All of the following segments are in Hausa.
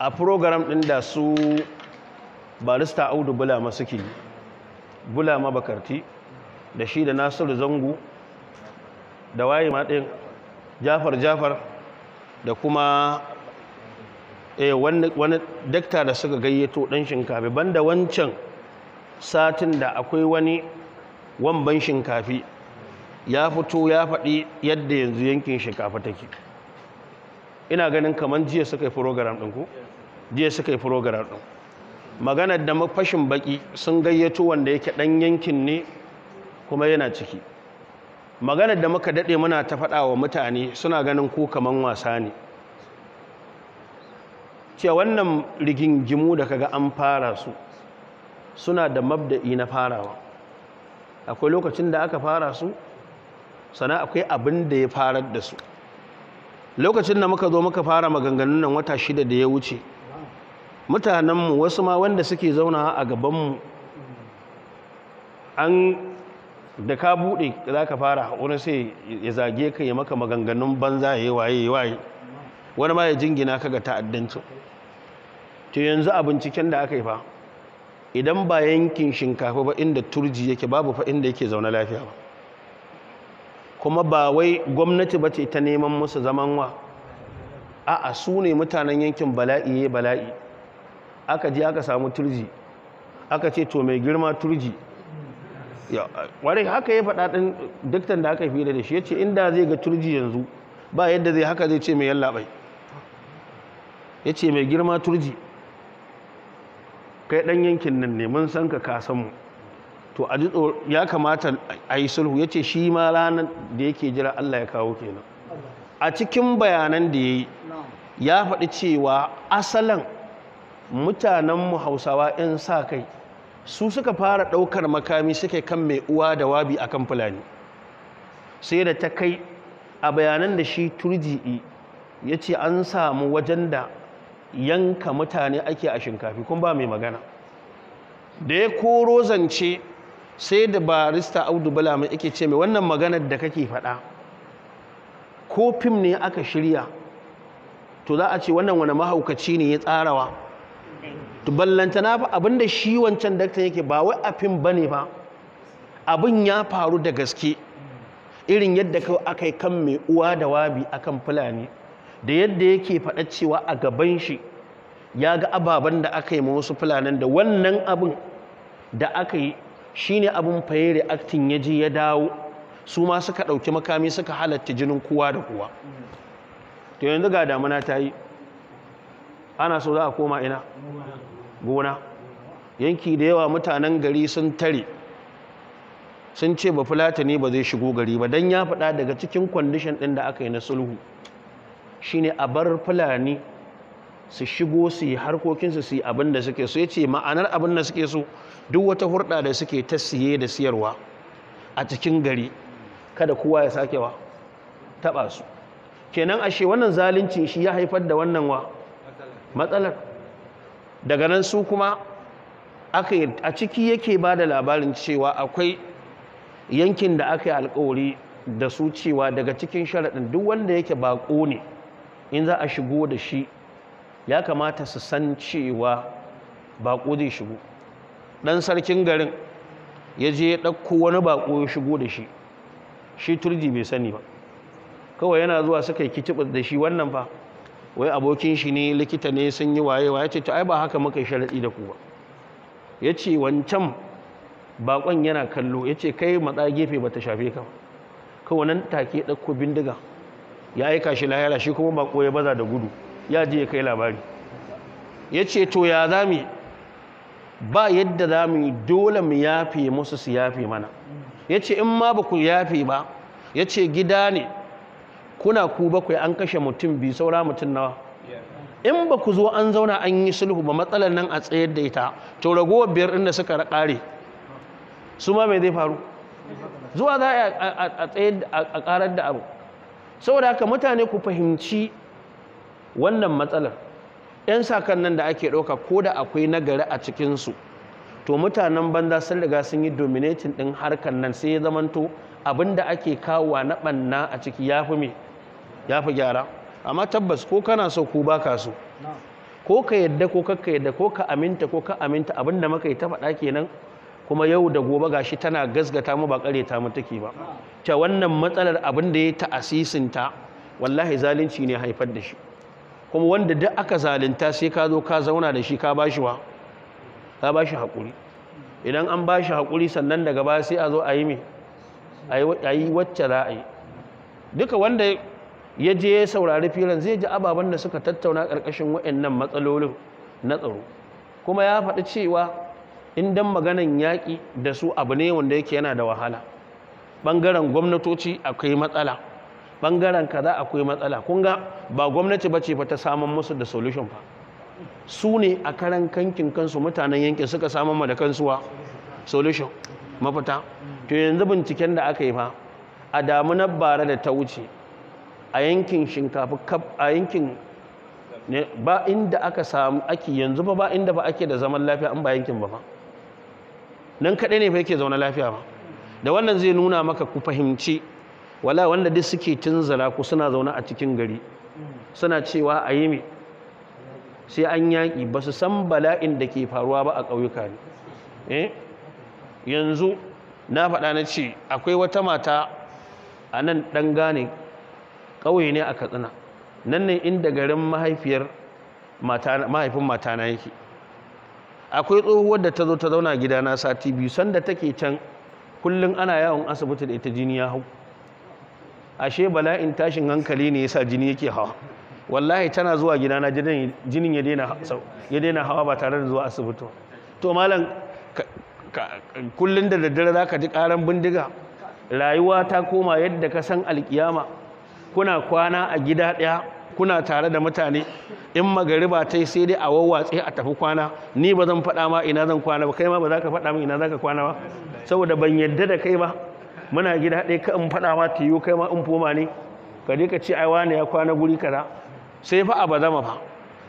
a program ɗin da su barista audu bulama suke bulama bakarti da shi da nasiru Zangu, da waye maɗin jafar jafar da kuma eh, wani dakta da suka gayyato dan shinkafi banda wancan satin da akwai wani wamban shinkafi ya fito ya faɗi yadda yanzu yankin shinkafa take ina ganin kamar jiya suka yi program ɗinku je suka yi program ɗin maganar da mafashin baki sun gayyato wanda yake ɗan yankin ne kuma yana ciki maganar da muka daɗe muna ta faɗa wa mutane suna ganin ko kaman wasa ne cewa wannan rigingimu da kaga an fara su suna da mabda'i na farawa akwai lokacin da aka fara su sana akwai abin da ya farar da su lokacin da muka zo muka fara maganganun nan wata shida da ya wuce mutanenmu wasu ma wanda suke zauna a gabanmu an da ka buɗe za ka fara wani sai ya zage ka ya maka maganganun banza ya yi waye waye wani ma ya jingina ka ga ta'addancin to yanzu a binciken da aka yi fa idan ba yankin shinkafa ba inda turji yake babu fa inda yake zaune lafiya ba kuma ba wai gwamnati ba ce ta neman musu zaman wa a'a su ne mutanen yankin bala'i ya bala'i aka ji aka samu turji aka ce to mai girma turji ware haka ya faɗa ɗin daktan da aka fi da shi ya ce inda zai ga turji yanzu ba yadda zai haka zai ce mai yallaɓai ya ce mai girma turji kai ɗan yankin nan ne mun san ka kasanmu to a ya kamata a yi sulhu ya ce shi ma ranar da yake jira Allah ya kawo kenan a cikin bayanan da ya yi ya faɗi cewa asalan mutanenmu hausawa 'yan sa kai su suka fara ɗaukar makami suke kan mai uwa da wabi a kan fulani sai da ta kai a bayanan da shi turji'i ya ce an samu wajen da yanka mutane ake a shinkafi kun ba mai magana da ya koro zance sai da barista audu bala mai ake ce mai wannan maganar da kake faɗa ko fim ne aka shirya to za a ce wannan wani mahaukaci ne ya tsarawa to ballantana fa abinda shi wancan dakta yake ba wai afin bane ba abin ya faru da gaske irin yadda kai aka kan mai uwa da wabi akan fulani da yadda yake faɗa cewa a gaban shi ya ga ababen da aka yi ma wasu fulanin da wannan abin da aka yi shine abin fayere aktin ya je ya dawo su ma suka ɗauki makami suka halatta jinin kowa da kowa to yanzu ga damuna ta yi ana so za a koma ina gona yanki da yawa mutanen gari sun tare sun ce ba fulata ne ba zai shigo gari ba don ya fada daga cikin kwandishin ɗin da aka yi na sulhu shine a bar fulani su shigo su yi harkokinsu su yi abin da suke so ya ce ma'anar abin da suke so duk wata hurɗa da suke ta siye da siyarwa a cikin gari kada kowa ya sakewa taɓa su kenan ashe wannan zalunci shi ya haifar da wannan wa matsalar daga nan su kuma a ciki yake ba da labarin cewa akwai yankin da aka yi alkawari da su cewa daga cikin sharaɗin duk wanda yake baƙo ne in za a shigo da shi ya kamata su san cewa baƙo zai shigo ɗan sarkin garin ya je ya ɗauko wani baƙo ya shigo da shi shi turji bai sani ba kawai yana zuwa suka yi kicibis da shi wannan fa wai abokin shi ne likita ne sun yi wayewa Yace ce to ai ba haka muka sharaɗi da ku ba ya wancan bakon yana kallo Yace kai matsa gefe ba ta shafe ka kawai nan take dauko bindiga ya aika shi lahira shi kuma bako ya baza da gudu ya je ya kai labari Yace ce to ya zami ba yadda zami dole mu yafe musu su yafe mana Yace ce in ma ba ku yafe ba Yace gida ne kuna ku bakwai an kashe mutum biyu saura mutum nawa in ba ku zo an zauna an yi sulhu ba matsalar nan a tsayar da ita to ragowar biyar inda da suka kare su ma mai zai faru zuwa za a tsayar a karar da abu saboda haka mutane ku fahimci wannan matsalar 'yan sakan nan da ake ɗauka ko da akwai nagari a cikinsu to mutanen banza sun riga sun yi dominating ɗin harkar nan sai ya zamanto abin da ake kawo na ɓanna a ciki ya fi mai ya fi gyara amma tabbas ko kana so ku ba ka so ko ka yadda ko kakka yadda ko ka aminta ko ka aminta abinda maka yi ta faɗa kenan kuma yau da gobe gashi tana gasgata mu ba ƙare ta mu take ba ta wannan matsalar abin da ya ta wallahi zalunci ne haifar da shi kuma wanda duk aka zalunta sai ka zo ka zauna da shi ka bashi wa ka bashi hakuri idan an bashi hakuri sannan daga baya sai a zo a yi me a yi wacce za a yi duka wanda ya je ya saurari filin zai ji ababen da suka tattauna ƙarƙashin waɗannan matsalolin na tsaro kuma ya faɗi cewa in dan maganan yaƙi da su abu ne wanda yake yana da wahala ɓangaren gwamnatoci akwai matsala ɓangaren kaza akwai matsala kun ga ba gwamnati ba ce ba ta samun musu da solution fa su ne a karan kankin kansu mutanen yankin suka samun ma da kansu wa solution mafita to yanzu binciken da aka yi fa a damuna bara da ta wuce a yankin shinkafa a yankin ba inda aka samu ake yanzu ba ba inda ba ake da zaman lafiya an ba yankin ba fa. nan kaɗai ne fa yake zauna lafiya ba da wannan zai nuna maka ku fahimci wala wanda duk suke tunzala ku suna zauna a cikin gari suna cewa a yi sai an yaki. ba su san bala'in da ke faruwa ba a ƙauyuka ne eh? yanzu na faɗa na ce akwai wata mata a nan ɗan gane ƙauye ne a katsina nan ne inda garin mahaifiyar mahaifin matana yake akwai tsohuwar da ta zo ta zauna gidana sati biyu sanda take can kullum ana yawon asibiti da ita jini ya hau ashe bala'in tashin hankali ne yasa jini yake hawa wallahi tana zuwa gidana jinin ya daina hawa ba tare da zuwa asibiti to malam kullum da daddare za ka ji karan bindiga rayuwa ta koma yadda ka san alkiyama kuna kwana a gida ɗaya kuna tare da mutane in magariba ta yi sai dai a wawwatse a tafi kwana ni ba zan faɗa ma ina zan kwana ba kai ma ba za ka faɗa min ina za ka kwana ba saboda ban yadda da kai ba muna gida ɗaya ka in faɗa ma ta yiwu kai ma in foma ne ka je ka ce ai wani ya kwana guri kaza sai fa a ba zama fa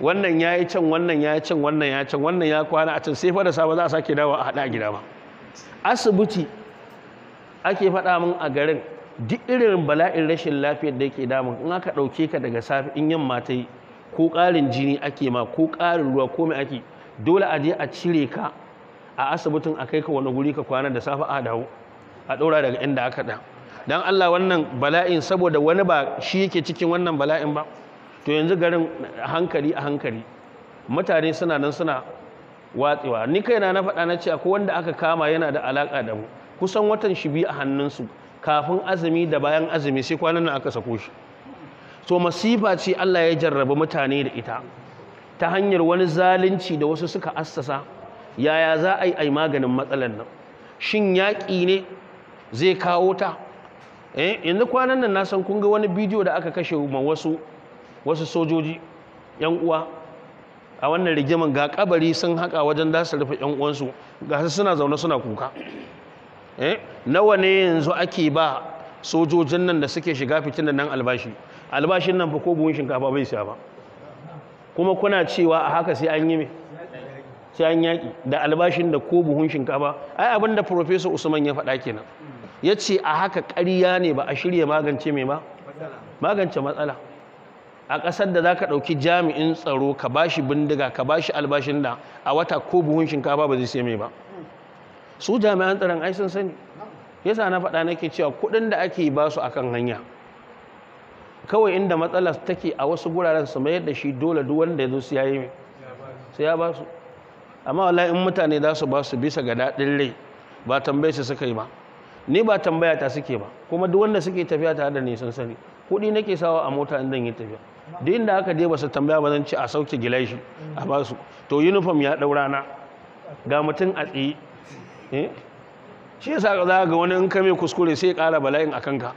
wannan ya yi can wannan ya yi can wannan ya can wannan ya kwana a can sai fa da ba za a sake dawo a haɗa gida ba asibiti ake faɗa min a garin duk irin bala'in rashin lafiyar da yake damun in aka ɗauke ka daga safe in yamma ta yi ko ƙarin jini ake ma ko ƙarin ruwa ko mai ake dole a je a cire ka a asibitin a kai ka wani guri ka kwana da safe a dawo a ɗora daga inda aka ɗa don Allah wannan bala'in saboda wani ba shi yake cikin wannan bala'in ba to yanzu garin hankali a hankali mutane suna nan suna watsewa ni kaina na faɗa na ce akwai wanda aka kama yana da alaƙa da mu kusan watan shi biyu a hannunsu kafin azumi da bayan azumi sai kwanan nan aka sako shi so masifa ce Allah ya jarraba mutane da ita ta hanyar wani zalunci da wasu suka assasa yaya za a yi ai maganin matsalan nan shin yaƙi ne zai kawo ta eh, yanzu kwanan nan na san kun ga wani bidiyo da aka kashe ma wasu wasu sojoji yan uwa a wannan rigiman ga kabari sun haka wajen da su rufe yan uwansu ga su suna zaune suna kuka Eh? nawa ne yanzu ake ba sojojin nan da suke shiga da nan albashi albashin nan fa ko buhun shinkafa bai siya ba kuma kuna cewa a haka sai an yi me sai an yaki da albashin da ko buhun shinkafa ai abin da professor Usman ya faɗa kenan yace a haka ƙarya ne ba a shirya magance me ba magance matsala a ƙasar da za ka ɗauki jami'in tsaro ka bashi bindiga ka bashi albashin da a wata ko buhun shinkafa ba zai sai mai ba su jami'an tsaron ai sun sani yasa na faɗa nake cewa kuɗin da ake ba su akan hanya kawai inda matsalar take a wasu guraren su mayar da shi dole duk wanda ya zo su yayi sai ya ba su amma wallahi in mutane za su ba su bisa ga daɗin rai ba tambaye su suka yi ba ni ba tambaya ta suke ba kuma duk wanda suke tafiya tare da ni sani kuɗi nake sawa a mota in zan yi tafiya duk inda aka je ba su tambaya ba zan ci a sauke gilashi a basu to uniform ya ɗaura na ga mutum a tsaye Hmm? shi yasa za ga wani in kame kuskure sai ya ƙara bala'in a ka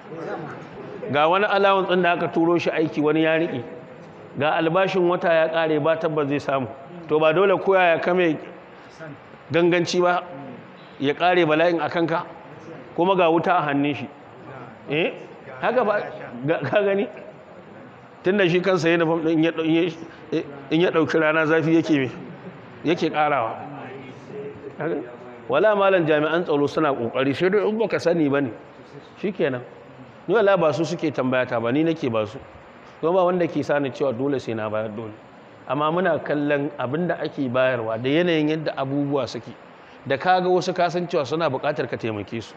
ga wani alawan ɗin da aka turo shi aiki wani ya riƙe ga albashin wata ya ƙare ba tabbas zai samu to ba dole koya ya kame ganganci ba ya ƙare bala'in a ka kuma ga wuta a hannun shi eh haka ba ka gani tun da shi kansa yana in ya ɗauki rana zafi yake ƙarawa wala malam jami'an tsaro suna kokari sai dai in baka sani bane shikenan ni wala ba su suke tambaya ta ba ni nake ba su kuma ba wanda ke sani cewa dole sai na bayar dole amma muna kallon abinda ake bayarwa da yanayin yadda abubuwa suke da kaga wasu ka san cewa suna buƙatar ka taimake su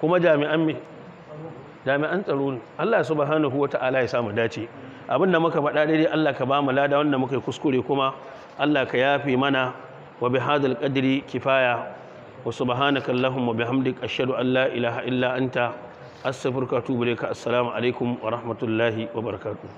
kuma jami'an me jami'an tsaro ne Allah subhanahu wata'ala ya samu dace abin da muka faɗa dai Allah ka ba mu lada wanda muka yi kuskure kuma Allah ka yafe mana wa bihadal qadri kifaya wa subhanaka allahumma bihamdik ashadu an la ilaha illa an ta asafir katu ka assalamu alaikum wa rahmatullahi wa barakatu